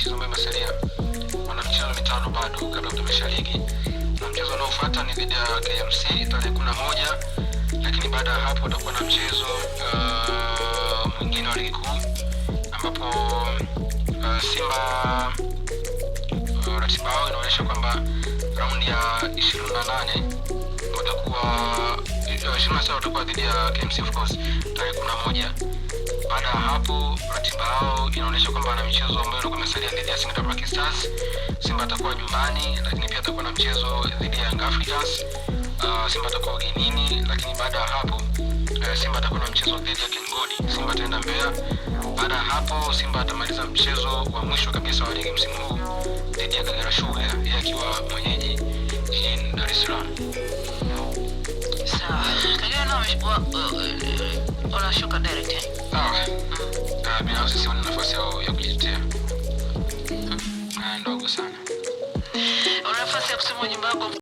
mchezo ambao imesalia wana michezo mitano bado kabla kutamisha ligi, na mchezo unaofuata ni dhidi ya KMC tarehe kumi na moja, lakini baada ya hapo utakuwa na mchezo uh, mwingine wa ligi kuu ambapo uh, Simba uh, ratiba yao inaonyesha kwamba raundi ya ishirini na nane watakuwa uh, ishirini na saba watakuwa dhidi ya KMC of course tarehe kumi na moja hapo ratiba yao inaonyesha kwamba ana mchezo ambao ulikuwa umesalia dhidi ya Singida Black Stars. Simba atakuwa nyumbani, lakini pia atakuwa na mchezo dhidi ya Young Africans. Uh, Simba atakuwa ugenini, lakini baada ya hapo uh, Simba atakuwa na mchezo dhidi ya Kingodi. Simba ataenda Mbeya. Baada ya hapo Simba atamaliza mchezo wa mwisho kabisa wa ligi msimu huu dhidi ya Kagera Sugar, yeye akiwa mwenyeji jijini Dar es Salaam. wanashuka direct. Eh? Ah, ah binafsi sioni nafasi ya kujitetea mm. mm. ah, ndogo sana. nafasi ya kusema nyumba yako